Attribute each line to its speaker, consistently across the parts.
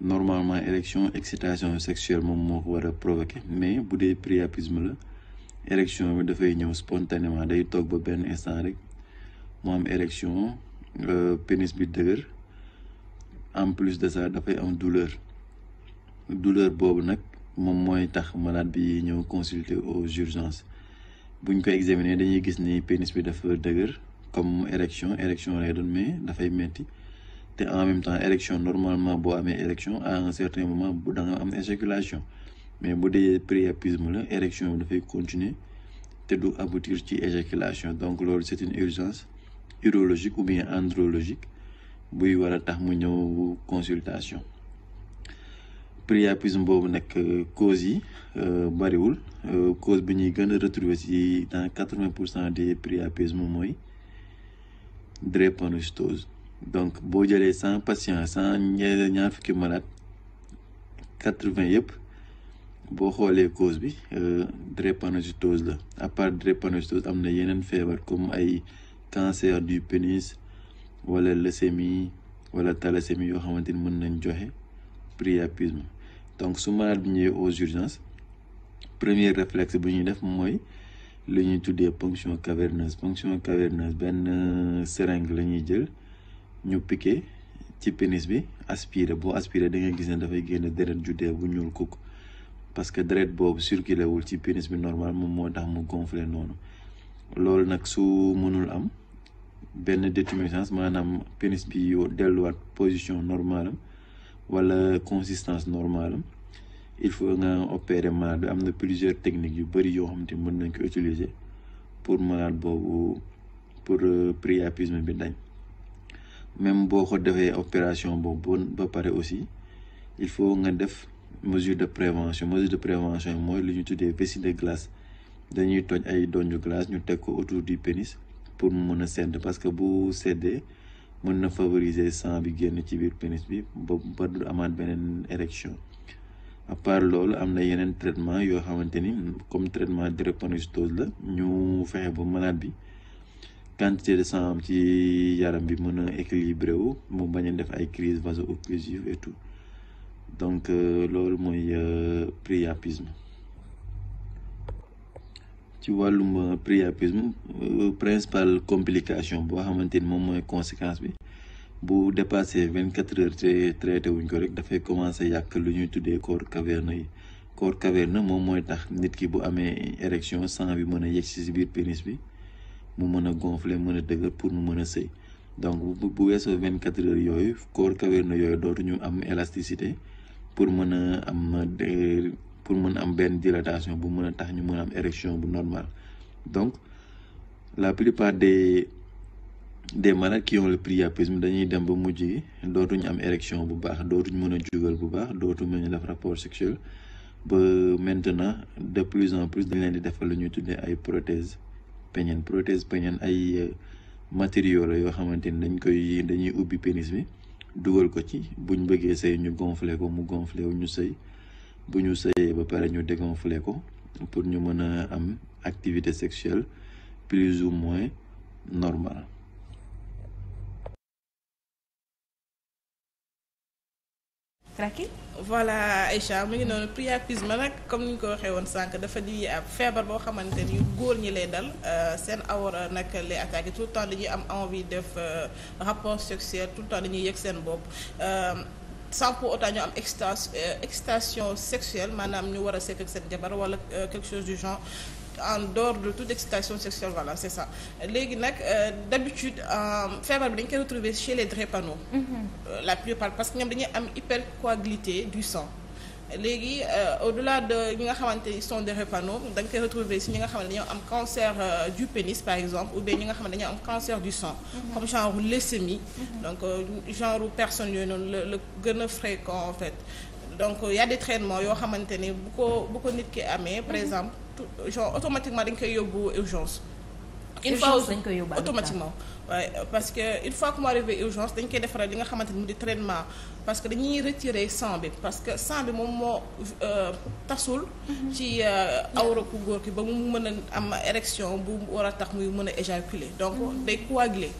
Speaker 1: normalement érection excitation sexuelle moom moo ko war a provoquer mais bu dee priapisme la érection bi dafay ñëw spontanément day toog ba benn instant rek mu am érection euh, pénis bi dëgër en plus de ça dafay am douleur douleur boobu nag moom mooy tax malade bi ñëw consulter aux urgences buñ ko examiner dañuy gis ni pénis bi dafa dëgër comme érection érection lay doon mais dafay metti te en même temps érection normalement boo amee érection en un certain moment bu da am éjaculation mais bu dee priapisme la érection bi dafay continuer te du aboutir ci éjaculation donc loolu c'est une urgence urologique ou bien andrologique buy war a tax mu ñëw consultation priapisme boobu nag euh, cause yi euh, bariwul euh, cause bi ñuy gën a retrouver ci dans quatre-vingts pour cent des priapismes mooy drépanocytose donc boo jëlee cent patients cent ñee ñaar fukki malade quatre-vingt yëpp boo xoolee cause bi euh, drépanocytose la à part drépanocytose am na yeneen feebar comme ay cancer du pénis wala leucémie wala thalassémie yoo xamante ni mën nañ joxe priapisme donc su bi ñëwee aux urgences premier réflexe bu ñuy def mooy lu ñuy tuddee ponction caverneuse ponction caverneuse benn euh, seringue la ñuy jël. ñu piqué ci pénis bi aspiré boo aspiré da gis ne dafay génn deret ju bu ñuul kukk parce que deret boobu circulé wul ci pénis bi normal moom moo tax mu gonflé noonu loolu nag su mënul am benn détumescence maanaam pénis bi delluwaat position normale am wala consistance normale am il faut nga opérer malade bi am na plusieurs techniques yu bëri yoo xam te mën nañ ko utiliser pour malade boobu pour euh, priapisme bi dañ même boo ko defee opération boobu ba pare aussi il faut nga def mesure de prévention mesure de prévention yi mooy lu ñu tuddee vessie de glace dañuy toj ay donju glace ñu teg ko autour du pénis pour mu mën a sedd parce que bu seddee mën na favoriser sang bi génn ci biir pénis bi ba ba du amaat beneen érection à part loolu am na yeneen traitement yoo xamante ni comme traitement drépanocytose la ñu fexe ba malade bi quantité de sang am ci yaram bi mën a équilibré wu mu bañ a def ay crise vaso-occlusive et tout donc euh, loolu mooy euh, priapisme ci wàllum euh, priapisme principal complication boo xamante ni moom mooy conséquence bi bu dépassé vingt quatre heures te traité wuñ ko rek dafay commencé yàq lu ñuy tuddee corps caverneux yi corps caverneux moom mooy tax nit ki bu amee érection sang bi mën a yegg si biir pénis bi mu mën a gonfler mën a dëgër pour mu mën a sëy donc bu bu weesoo vingt quatre heures yooyu corps caverneux yooyu dootu ñu am élasticité pour mën a am euh, pour mën am benn dilatation bu mën a tax ñu mën a am érection bu normal donc la plupart des des malades qui ont le priapisme dañuy dem ba mujj gi dootuñu am érection bu baax dootuñu mën a jugal bu baax dootuñu mën a def rapport sexuel ba maintenant de plus en plus dañ leen di defal lu ñuy tuddee ay prothèses. pénienne prothèse pénienne ay euh, matériaux yoo xamante ni dañ koy dañuy ubbi pénis bi dugal ko ci buñ bëggee sëy ñu gonfler ko mu gonfler wu ñu sëy bu ñu sëyee ba pare ñu dégonfler ko pour ñu mën a am activité sexuelle plus ou moins normal
Speaker 2: Racky voilà Aïcha mu ngi noonu priapisme nag comme ni ñu ko waxee woon sànq dafa di ab feebar boo xamante ni góor ñi lay dal euh, seen awor nag lay attaqué tout le temps dañuy am envie def euh, rapport sexuel tout le temps dañuy yëg seen bopp euh, sans pour autant ñu am excitation sexuelle maanaam ñu war a sekk ak seen jabar wala quelque chose du genre en dehors de toute excitation sexuelle voilà c'est ça léegi nag euh, d'habitude euh, feebar bi dañ koy retrouver chez les drépano mhm. euh, la plupart parce que ñoom dañuy am hypercoagulité du sang léegi au-delà de ñi nga xamante ni sont des drépano da nga koy retrouver si ñi nga xam ne dañoo am cancer du pénis par exemple ou bien ñi nga xam ne dañoo am cancer du sang. Mhm. comme genre leucémie. Mhm. donc genre personne yooyu noonu la la gën a fréquent en donc y a des yoo xamante ni bu ko bu ko nit ki amee par mhm. exemple genre automatiquement dañ koy yóbbu urgence il fois dañ koy yóbbu automatiquement waaye parce que une fois que mu dañ koy defaral li nga xamante ni mu di traitement parce que dañuy retirer sang bi parce que sang bi moom moo euh, tasul mhm. ci euh, awra ku góor ki ba mu mën a am érection bu war a tax muy mën a éjaculer donc mhm. day coaguler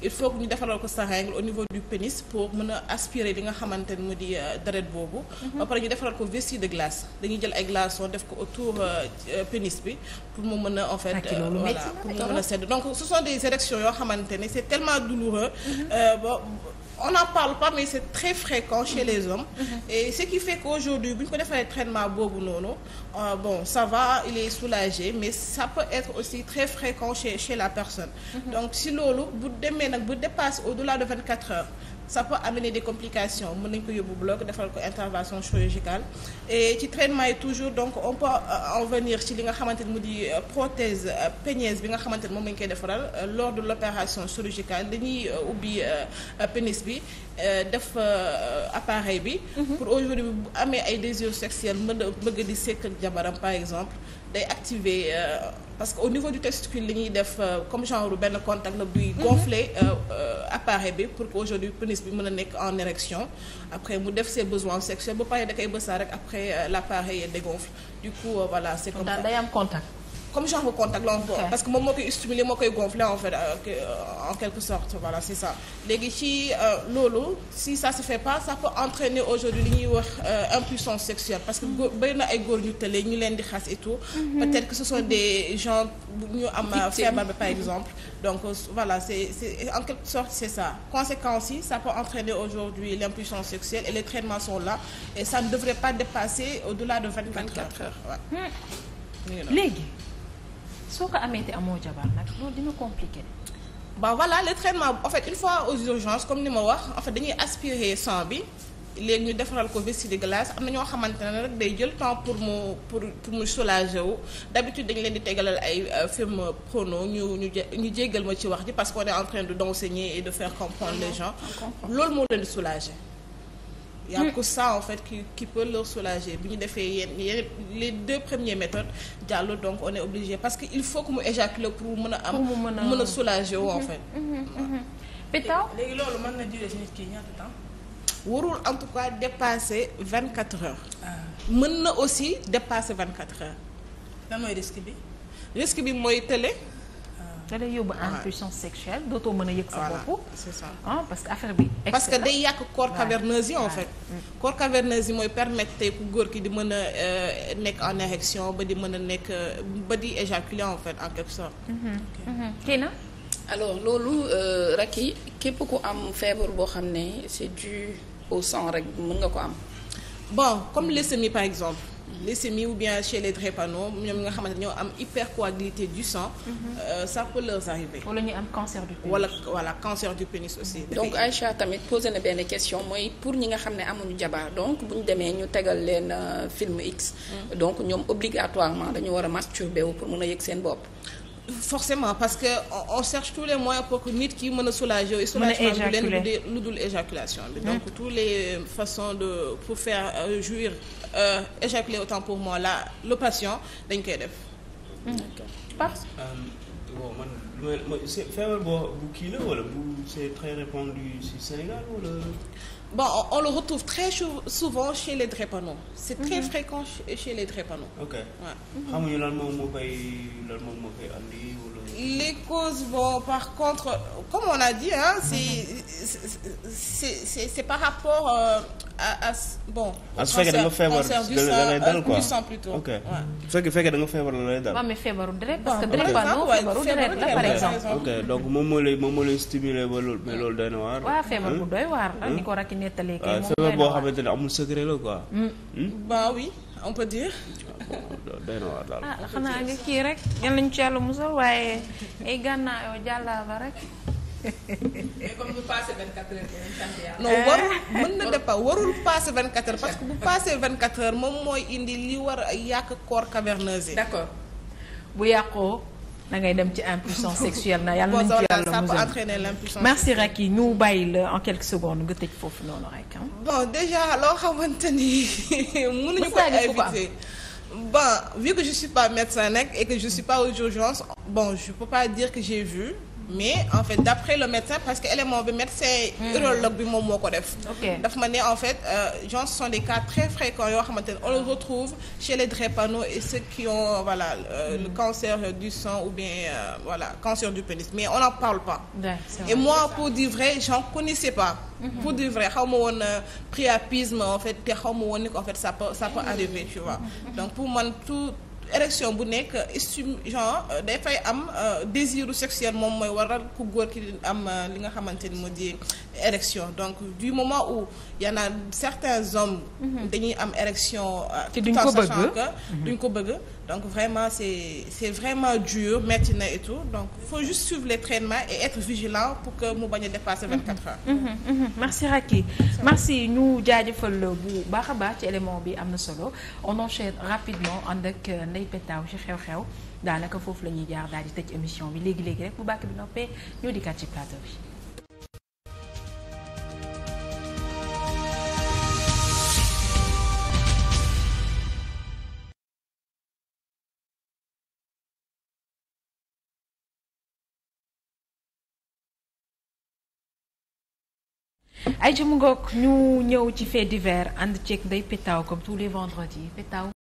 Speaker 2: il faut que ñu defaral ko sa au niveau du pénis pour mën a aspirer li nga xamante ne mu di euh, deret boobu. Mhm. ba ñu defaral ko vessie de glace dañuy jël ay glaçons def ko autour euh, euh, pénis bi pour mu mën a en fait. Ah, voilà pour mu mën a sedd donc ce sont des yoo xamante ne c'est tellement douloureux. Mhm. on en parle pas mais c'est très fréquent chez les hommes mm-hmm. Mm-hmm. et ce qui fait qu'aujourd'hui bu ñu ko defee traitement boobu noonu euh, bon ça va il est soulagé mais ça peut être aussi très fréquent chez la personne mm-hmm. donc si loolu bu demee nag bu dépasse au-delà de 24 heures ça peut amener des complications mën nañ ko yóbbu bloc defal ko intervention chirurgicale et ci traitement yi toujours donc on peut euh, en venir ci li nga xamante ni mu di euh, prothèse euh, pénienne bi nga xamante ni moom lañ koy defaral lors de l' opération chirurgicale dañuy ubbi pénis bi def appareil bi mm-hmm. pour aujourd'hui bu amee ay désirs sexuels mën a bëgg di sekk ak jabaram par exemple day activer parce que au niveau du testicule li ñuy def euh, comme genre benn contact la buy mhm. gonfler euh, euh, appareil bi pour que aujourd'hui pénis bi mën a nekk en érection après mu def ses besoins sexuels ba pare da koy bësaa rek après l'appareil dégonfle du coup voilà c'est comme ça day am contact comme genre contact la okay. parce que moom moo koy stimuler moo koy gonfler en fait euh, euh, en quelque sorte voilà c'est ça léegi ci euh, loolu si ça se fait pas ça peut entraîner aujourd'hui li ñuy wax impuissance sexuelle parce que mm-hmm. bëri na ay góor ñu tële ñu leen di xas et tout mm-hmm. peut-être que ce sont des gens ñu am feebar bi par mm-hmm. exemple donc voilà c'est c'est en quelque sorte c'est ça conséquence yi ça peut entraîner aujourd'hui l'impuissance sexuelle et les traitements sont là et ça ne devrait soo ko amee te amoo jabar nag loolu dina compliqué. ba voilà le traitement en fait une fois aux urgences comme ni ma wax en fait dañuy aspirer sang bi léegi ñu defaral ko vessie de glace am na ñoo xamante ne rek day jël temps pour mu pour pour mu soulager wu d'habitude dañu leen di tegalal ay euh, film prono ñu ñu ñu jéggal ma ci wax ji parce qu'on est en train de d'enseigner et de faire comprendre les gens loolu moo leen di soulager y a que ça en fait qui qui peut leur soulager bu ñu defee yenn yenn les deux premières méthodes jàll donc on est obligé parce que il faut que mu éjaculer pour mën a am. pour mën a soulager woo en mhm, fait. Mhm, mhm, pétaw léegi loolu mën na durer nit ki ñaata temps. warul en tout cas dépasser vingt quatre heures. Ah. mën na aussi dépasser vingt quatre heures. lan mooy risque bi. risque bi mooy tële. te lay yóbbu en puissance sexuelle dootoo mën a yëg sa bopp ah, parce que affaire bi parce que day yàq corps caverneuse yi en fait mm. corps caverneuse yi mooy permettre tey ku góor ki di mën a euh, nekk en érection ba di mën a nekk ba di éjaculer en fait en quelque sorte
Speaker 1: mm-hmm. kii mm-hmm. na alors loolu
Speaker 2: euh, Racky képp ku am feebar boo xam ne c'est dû au sang rek mën nga ko am bon comme leucémie par exemple les SMI ou bien chez les drépano ñoom nga xamante ñoo am hypercoagulité du sang. Euh, ça peut leur arriver. wala ñu am cancer du pénis. wala voilà cancer du pénis aussi. donc Aïcha tamit posé na benn question mooy pour ñi nga xam ne amuñu jabar donc bu ñu demee ñu tegal leen euh, film X. Mm. donc ñoom obligatoirement dañu war a masturber wu pour mën a yëg seen bopp. forcément parce que on cherche tous les moyens pour que nit ki mën a soulager wu. soulagement bi leen lu dul éjaculation bi. donc mmh. tous les façons de pour faire euh, jouir euh, éjaculer autant pour moi la le patient dañ koy def. Mmh. mooy mooy feebar boo bu kii la wala bu c'est très répandu ci Sénégal wala. bon on, le retrouve très souvent chez les drépano c'est très mm -hmm. fréquent chez les drépano. ok mhm. xamuñu lan moom moo koy lan moom moo koy andi wala. les causes bon par contre comme on a dit hein c'est c'est par rapport euh, à à bon. ah su fekkee da nga feebar da ngay dal quoi cancer du sang plutôt. ok su fekkee da nga feebar la lay dal. exemple ok donc moom moo lay moom moo lay stimulé ba loolu mais loolu doy na waar. feebar bu doy waar. ni ko rakk nettalee kay moom boo xamante ne amul secret la quoi. Mm. Hmm? bah oui on peut dire. Ah, kii rek yal nañu ci yàlla musal waaye ay gànnaayoo jàllaaba rek. mais comme bu passé 24 euh, parce que bu passé 24 moom mooy indi li war a yàq corps caverneuse d'accord bu yàqoo. da ngay dem ci impuissance sexuelle na yàlla nañ ci yàlla musal merci Racky ñu bàyyi la en quelques secondes nga tëj foofu noonu rek bon déjà loo xamante ni mënuñu ko éviter bon vu que je suis pas médecin nag et que je suis pas aux urgences bon je peux pas dire que j'ai vu mais en fait d'après le médecin parce que élément bi médecin hmm. urologue bi moom moo ko def daf ma en fait euh, genre sont des cas très fréquents yoo xamante ne on le retrouve chez les drépano et ceux qui ont euh, voilà euh, hmm. le cancer du sang ou bien voilà cancer du pénis mais on n'en parle pas et moi pour dire vrai j'en connaissais pas hmm. pour dire vrai on ma woon priapisme en fait te xaw ma woon ni ko en fait ça peut ça donc pour man tout érection bu nekk estime genre euh, day fay am euh, désiru sexuel moom mooy waral ku góor ki am euh, li nga xamante ni moo di érection donc du moment où y en a certains hommes. Mm-hmm. dañuy am érection. te mm-hmm. duñ ko bëgg duñ ko bëgg. donc vraiment c'est c'est vraiment dur metti na et donc faut juste suivre les traitements et être vigilant pour que mu bañ a dépasser 24 mhm. heures. Mmh, mmh. merci ñu merci ñu jaajëfal bu baax a baax ci élément bi am na solo on enchaîne rapidement ànd ak euh, Ndeye Pétaw ci xew-xew daanaka foofu la ñuy jaar daal di tëj émission bi léegi léegi rek bu bàkk bi noppee ñoo dikkaat ci plateau bi.
Speaker 1: ay jëm ngoog ñu ñëw ci fait divers ànd ceeg Ndeye Pétaw comme tous les vendredis Pétaw